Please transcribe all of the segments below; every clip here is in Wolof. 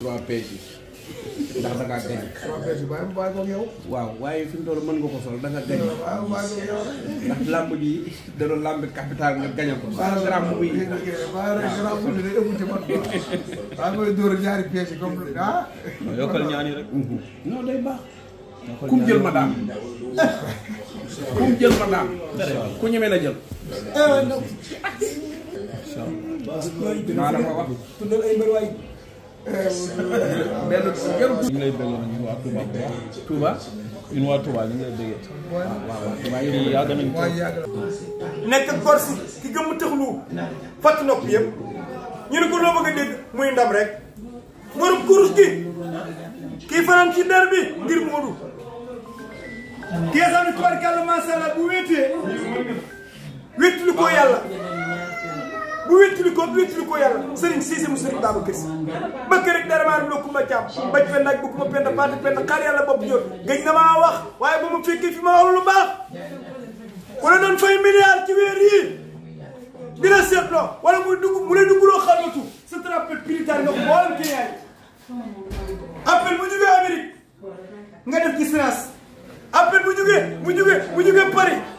trois pièces ndax da ngaa gañ. trois pièces waaye mu bàyyi ko yow. waaw waaye fi mu toll mën nga ko sol da nga gañ. waaw capital nga gañal ko. waaw gram bu yi waaw rek gram bu yi day ëpp ci man. waaw mooy ah. yokkal ñaari rek. non day baax. kum jël ma daam kum jël ma daam ku ñeme la jël naa la benn jarul. ñu ngi ngi lay bëggee. waaw waaw Touba yi nekk gor ki gëm tëxlu fàtt nopp yëpp ñu loo bëgg a dégg muy ndam rek borom kurus gi kii fanaan ci der bi ngir Moodu. kii xam ko yàlla. bu wéttali ko bu wéttali ko yàlla sëriñ Cissé mu sëriñ Baaba Kër Si bëkk rek dara maa loo kuma jàpp baj fenn ak bu kuma pend paati pend xaar yàlla bopp jot gëj na maa wax waaye ba ma fekkee fi ma wax lu baax ku la doon fay milliard ci weer yii di la seetloo wala muy dugg mu lay dugguloo xamatu sa trappel prioritaire nga boolam ci yaay appel bu jógee Amérique nga def ci Sénas appel bu jógee bu jógee bu jógee Paris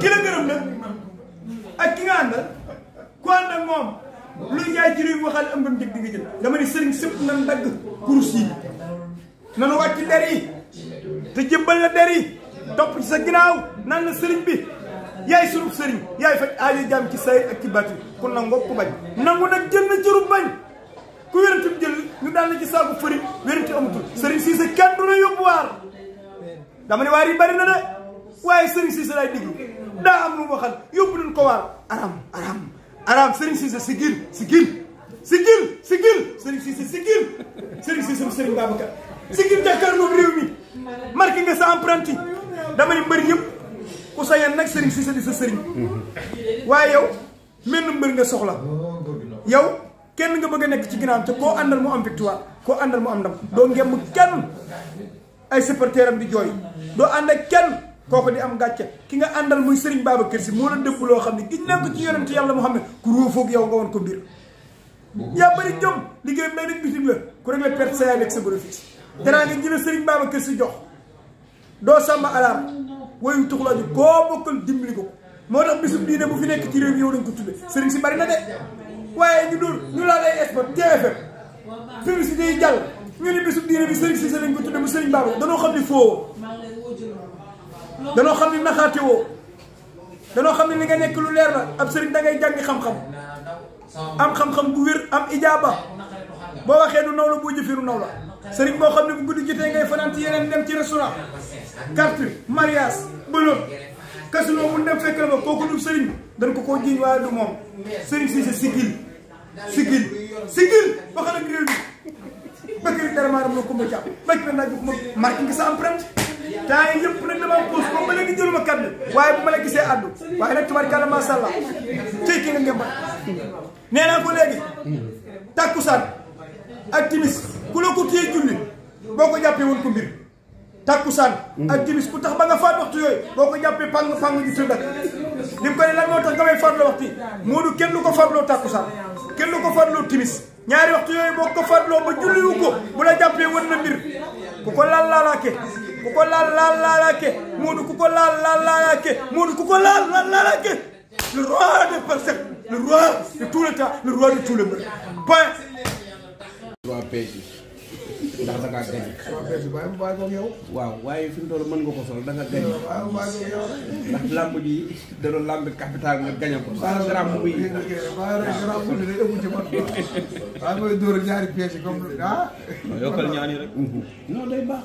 kira-kira gërëm nag ak ki nga ak lu yaay ci réew waxal ëmbam jëg di nga jël dama ni sëriñ sëpp nan dagg kurus yi nanu wàcc der yi te jëbbal la der yi topp ci sa ginnaaw nan la sëriñ bi yaay surub sëriñ yaay faj aajo jaam ci say ak ci batti ku nangoo ku bañ nangu nag jënd jërub bañ ku wérante jël ñu daan ci fëri sëriñ sa la dama bari na waaye sering Cissé lay diglu daa am lu mu waxal kau nañ ko waar aram aram aram Serigne Cissé sigil sigil sigil sigil Serigne Cissé sigil Serigne Cissé sering Serigne Babacar sigil jàkkaarloog réew mi marqué nga sa empreinte dama ni mbër yëpp ku sa yan nag Serigne Cissé di sa Serigne waaye yow menn mbër nga soxla yow kenn nga bëgg a nekk ci ginnaaw te koo àndal mu am victoire koo àndal mu am ndam doo ngemm kenn ay supporteram di jooy doo ànd kenn kooku di am gàcce ki nga àndal muy Serigne Babacar Sy moo la dëpp loo xam ne giñ naa ko ci yonent yàlla Muhammad ku róofoog yow nga woon ko biir yaa bëri jom liggéey may nañ bitim la ku rek la perte sa yaay lekk sa bénéfice danaa nga doo sàmba alaar wayu tuxlaaju koo bokkal dimbali ko moo tax bisub diine bu fi nekk ci réew yow dañ ko tudde Serigne si bari na de waaye ñu dul laa lay expo TFM publicité yi jàll ñu ne bisub diine bi Serigne si sa ko tudde bu Serigne Babacar danoo xam ne foo danoo xam ne naxaate woo danoo xam ne li nga nekk lu leer la ab sëriñ da ngay jàngi xam-xam am xam-xam bu wér am ijaaba boo waxee du naw la boo jëfee du naw la sëriñ boo xam ne bu guddi jotee ngay ci yeneen dem ci restaurant carte mariage bëloon kasuloo mun dem fekk dañ ko koo jiñ waaye du moom sëriñ si sa sigil sigil ba xam ak réew mi bëgg na temps yi yëpp nag damaa puus ba ma gisee addu waaye nag tubaarkalla macha allah tey ki nga ngeen mën ko takkusaan ak timis ku la ko téye julli boo ko jàppee woon ko mbir takkusaan ak timis ku tax ba nga faat waxtu yooyu boo ko jàppee pang pang ji tëddak li ko ne lan moo tax nga may faatloo waxtu yi moo du kenn lu ko faatloo takkusaan kenn lu ko faatloo timis ñaari waxtu yooyu boo ko faatloo ba julliwu ko bu la jàppee woon na mbir ku ko kukola la la ke kukola lala la la la lala lake le roi des parcelles le roi de tout le temps le roi de tout le monde point trois pages ndax da nga gañ waaw waaye fi mu toll mën nga ko sol da nga gañ ndax lamb ji da doon lamb capital nga gañ ko sa gram bu yi gram bu ne ëpp ci man waaw mooy door ñaari pièces comme ah yokkal ñaani rek non day baax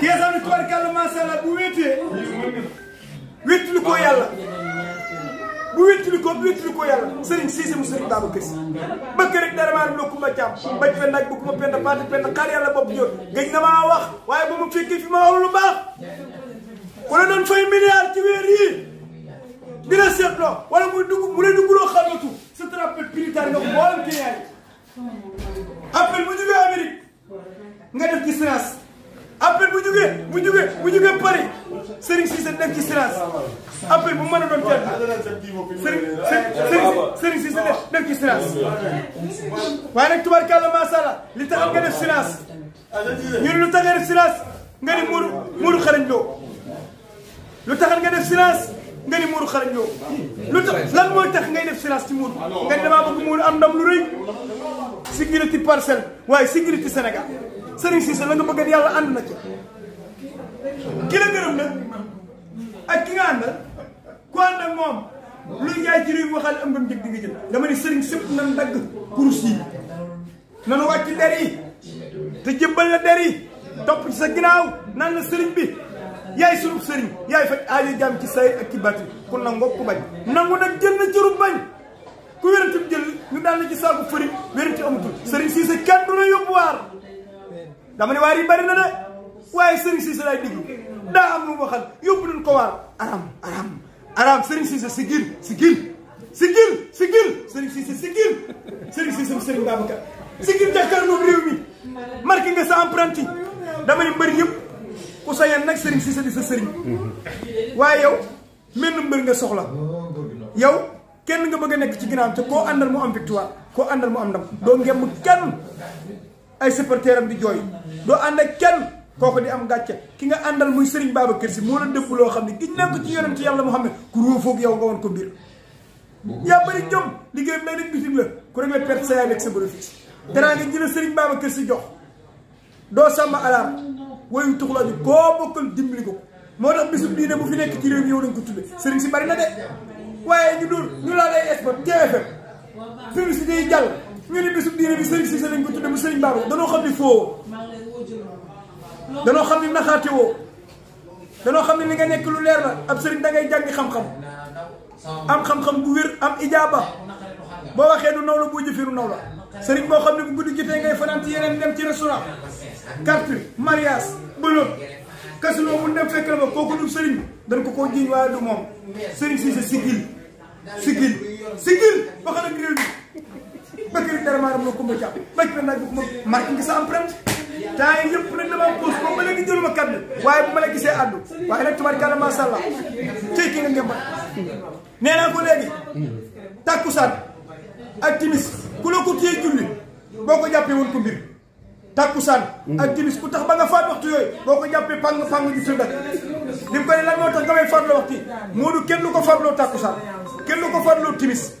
keesaanu tubarkàlla macha allah bu wéetee wéetlu ko yàlla bu wéetlu ko wéetlu ko yàlla Serigne mu Serigne Babacar Sy bëgg rek dara maa loo ku ma jàmm bañ fenn ak bu ku ma penn paati penn xaar yàlla bopp jot gëj na maa wax waaye ba mu fekkee fi ma wax lu baax ku la doon fay milliard ci weer yii dina seetloo wala muy dugg mu lay dugg loo xamatu sa trappe prioritaire nga mboolem client yi appel bu jógee Amérique nga def distance appel bu jugee bu jugee bu jugee Paris Serigne Cissé def ci silence appel bu mën a doon jël Serigne Serigne Cissé def ci silence waaye nag tubarkalla macha allah li tax nga def silence ñu lu tax nga def silence nga ni muuru muuru xarañ loo lu tax nga def silence nga ni muuru xarañ loo lu tax lan mooy tax ngay def silence ci muuru nga ni damaa bëgg muuru am ndam lu rëy sécurité parcelle waaye sécurité Sénégal. Sering Cissé la nga bëgg yàlla ànd na kira ki la gërëm nag ak ki nga lu jaay ci réew waxal jadi, njëg di jël dama ni nan nanu wàcc der yi te jëbbal la der yi bi yaay sunu sering, yaay faj aajo jam ci say ak ci batti ku nangu ku bañ nangu nag jël na cërub bañ ku wérantum jël ñu daal la ci saaku fëri Cissé kenn dama ne waar yi bari na de waaye Serigne Cissé laay déglu daa am lu mu waxal yóbbu nañu ko waar aram aram aram Serigne Cissé sigil sigil sigil sigil Serigne Cissé sigil Serigne Cissé Serigne Babacar sigil jàkkaarloo réew mi nga sa empreinte dama ne mbër yëpp ku sa yan nag Serigne Cissé di sa Serigne waaye yow menn mbër nga soxla yow kenn nga bëgg nekk ci ginnaaw te koo àndal mu am victoire koo àndal mu am ndam doo ngemm kenn ay supporteram di joy do and ak kenn koko di am gatcha ki nga andal muy serigne baba kersi mo la depp lo xamni giñ na ci yonent yalla muhammad ku roofuk yow nga won ko bir ya bari jom ligue mel ni bitim la ku rek la perte sa avec sa bénéfice dara nga jël serigne baba kersi jox do sama alarm wayu tuxla di ko bokul dimbali ko tax bisub diine bu fi nek ci rew yow lañ ko tuddé serigne si bari na dé waye ñu dul ñu la lay tfm publicité yi jall nga ne bésub diine bi sëriñ Cissé lañ ko tudde mu sëriñ Barro danoo xam ni foo danoo xam ni naxaate woo danoo xam ne li nga nekk lu leer la ab sëriñ da ngay jàngi xam-xam am xam-xam bu wér am ijaaba boo waxee du naw la boo jëfee du naw la sëriñ boo xam ne bu guddi jotee ngay fanaan ci yeneen dem ci restaurant carte mariage bëloon kasuloo mu dem fekk la ba kooku du sëriñ dañ ko koo jiiñ waaye du moom sëriñ si sa sigil sigil sigil waxal ak réew bëgg dara maa ko mën a jàpp bëgg naa ko marqué nga sa empreinte temps yii yëpp nag damaa pause ba ma léegi jëluma kaddu waaye bu ma la gisee àddu waaye nag tubaarkalla macha allah tey ki nga ngembal nee naa ko léegi takkusaan ak timis ku la ko téye julli boo ko jàppee woon ko mbir takkusaan ak timis ku tax ba nga faat waxtu yooyu boo ko jàppee pang pang gi sundat li mu ko ne lan moo tax nga may farloo waxtu yi moo du kenn lu ko farloo takkusaan kenn lu ko farloo timis